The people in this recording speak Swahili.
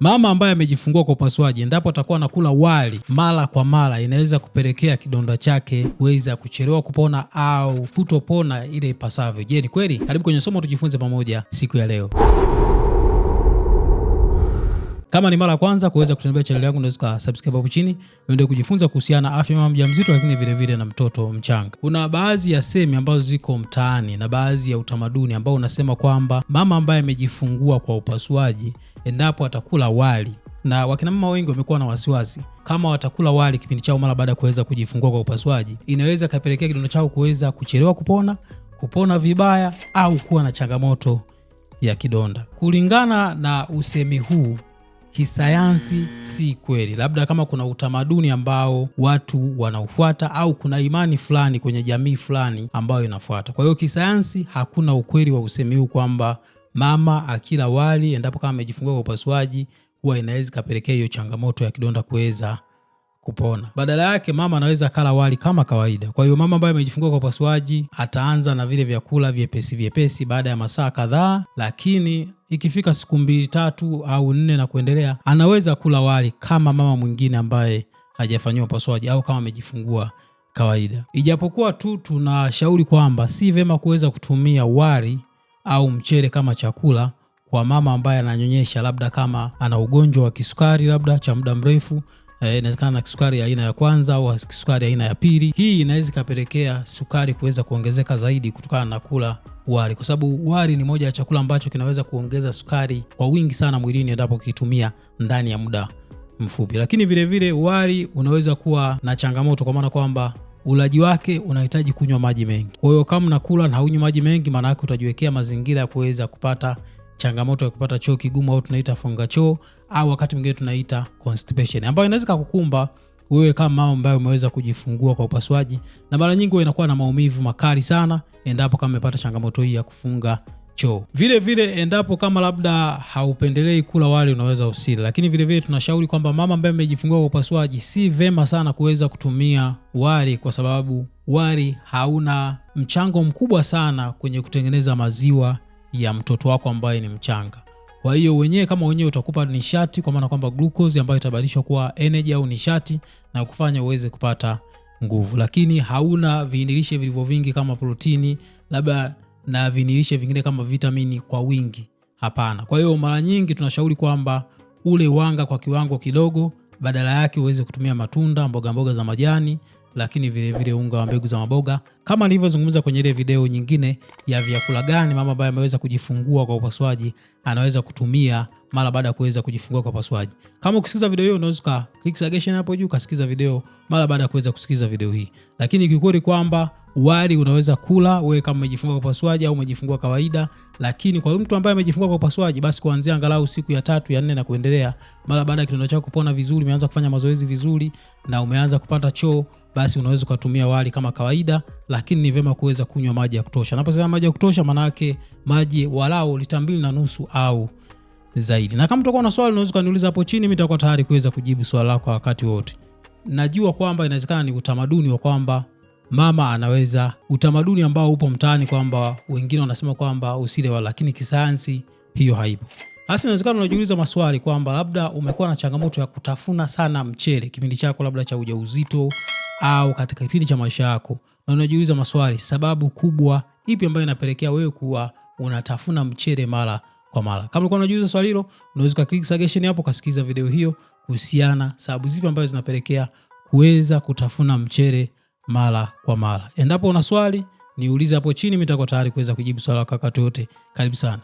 Mama ambaye amejifungua kwa upasuaji, endapo atakuwa anakula wali mara kwa mara, inaweza kupelekea kidonda chake kuweza kuchelewa kupona au kutopona ile ipasavyo. Je, ni kweli? Karibu kwenye somo tujifunze pamoja siku ya leo. Kama ni mara ya kwanza kuweza kutembelea channel yangu, unaweza subscribe hapo chini uende kujifunza kuhusiana na afya mama mjamzito, lakini vile vile na mtoto mchanga. Kuna baadhi ya semi ambazo ziko mtaani na baadhi ya utamaduni ambao unasema kwamba mama ambaye amejifungua kwa upasuaji endapo atakula wali na wakinamama wengi wamekuwa na wasiwasi kama watakula wali kipindi chao mara baada ya kuweza kujifungua kwa upasuaji, inaweza ikapelekea kidonda chao kuweza kuchelewa kupona, kupona vibaya, au kuwa na changamoto ya kidonda. Kulingana na usemi huu, kisayansi si kweli, labda kama kuna utamaduni ambao watu wanaofuata au kuna imani fulani kwenye jamii fulani ambayo inafuata. Kwa hiyo kisayansi hakuna ukweli wa usemi huu kwamba mama akila wali, endapo kama amejifungua kwa upasuaji, huwa inaweza ikapelekea hiyo changamoto ya kidonda kuweza kupona. Badala yake mama anaweza kala wali kama kawaida. Kwa hiyo mama ambaye amejifungua kwa upasuaji ataanza na vile vyakula vyepesi vyepesi baada ya masaa kadhaa, lakini ikifika siku mbili tatu au nne na kuendelea, anaweza kula wali kama mama mwingine ambaye hajafanyiwa upasuaji au kama amejifungua kawaida. Ijapokuwa tu tunashauri kwamba si vyema kuweza kutumia wali au mchele kama chakula kwa mama ambaye ananyonyesha, labda kama ana ugonjwa wa kisukari labda cha muda mrefu Eh, inawezekana na kisukari aina ya, ya kwanza au kisukari aina ya, ya pili. Hii inaweza ikapelekea sukari kuweza kuongezeka zaidi kutokana na kula wali, kwa sababu wali ni moja ya chakula ambacho kinaweza kuongeza sukari kwa wingi sana mwilini endapo kitumia ndani ya muda mfupi. Lakini vilevile wali unaweza kuwa na changamoto kwa maana kwamba ulaji wake unahitaji kunywa maji mengi. Kwa hiyo kama unakula na haunywi maji mengi, maana yake utajiwekea mazingira ya kuweza kupata changamoto ya kupata choo kigumu au tunaita funga choo au wakati mwingine tunaita constipation, ambayo inaweza kukumba wewe kama mama ambaye umeweza kujifungua kwa upasuaji, na mara nyingi inakuwa na maumivu makali sana endapo kama umepata changamoto hii ya kufunga choo. Vile vile endapo kama labda haupendelei kula wali, unaweza usile, lakini vile vile tunashauri kwamba mama ambaye amejifungua kwa upasuaji, si vema sana kuweza kutumia wali kwa sababu wali hauna mchango mkubwa sana kwenye kutengeneza maziwa ya mtoto wako ambaye ni mchanga. Kwa hiyo wenyewe kama wenyewe utakupa nishati, kwa maana kwamba glucose ambayo itabadilishwa kuwa energy au nishati na kufanya uweze kupata nguvu, lakini hauna viinilishe vilivyo vingi kama protini labda na viinilishe vingine kama vitamini kwa wingi. Hapana. Kwa hiyo mara nyingi tunashauri kwamba ule wanga kwa kiwango kidogo, badala yake uweze kutumia matunda, mboga mboga za majani lakini vile vile unga wa mbegu za maboga, kama nilivyozungumza kwenye ile video nyingine ya vyakula gani mama ambaye ameweza kujifungua kwa upasuaji anaweza kutumia mara baada ya kuweza kujifungua kwa upasuaji. Kama ukisikiza video hiyo, unaweza click suggestion hapo juu kasikiza video mara baada ya kuweza kusikiza video hii, lakini kikweli kwamba wali unaweza kula wewe kama umejifungua kwa upasuaji au umejifungua kawaida, lakini kwa mtu ambaye amejifungua kwa upasuaji, basi kuanzia angalau siku ya tatu ya nne na kuendelea, mara baada ya kitendo chako kupona vizuri, umeanza kufanya mazoezi vizuri na umeanza kupata choo basi unaweza ukatumia wali kama kawaida, lakini ni vyema kuweza kunywa maji ya kutosha. Naposema maji ya kutosha, maana yake maji walau lita mbili na nusu au zaidi. Na kama utakuwa na swali unaweza kuniuliza hapo chini, mimi nitakuwa tayari kuweza kujibu swali lako wakati wote. Najua kwamba inawezekana ni utamaduni wa kwamba mama anaweza, utamaduni ambao upo mtaani kwamba wengine wanasema kwamba usile wala, lakini kisayansi hiyo haipo. Hasa inawezekana unajiuliza maswali kwamba labda umekuwa na changamoto ya kutafuna sana mchele kipindi chako labda cha ujauzito au katika kipindi cha maisha yako na unajiuliza maswali, sababu kubwa ipi ambayo inapelekea wewe kuwa unatafuna mchele mara kwa mara? Kama ulikuwa unajiuliza swali hilo, unaweza click suggestion hapo ukasikiza video hiyo kuhusiana sababu zipi ambazo zinapelekea kuweza kutafuna mchele mara kwa mara. Endapo una swali niulize hapo chini, mimi nitakuwa tayari kuweza kujibu swali lako wakati wote. Karibu sana.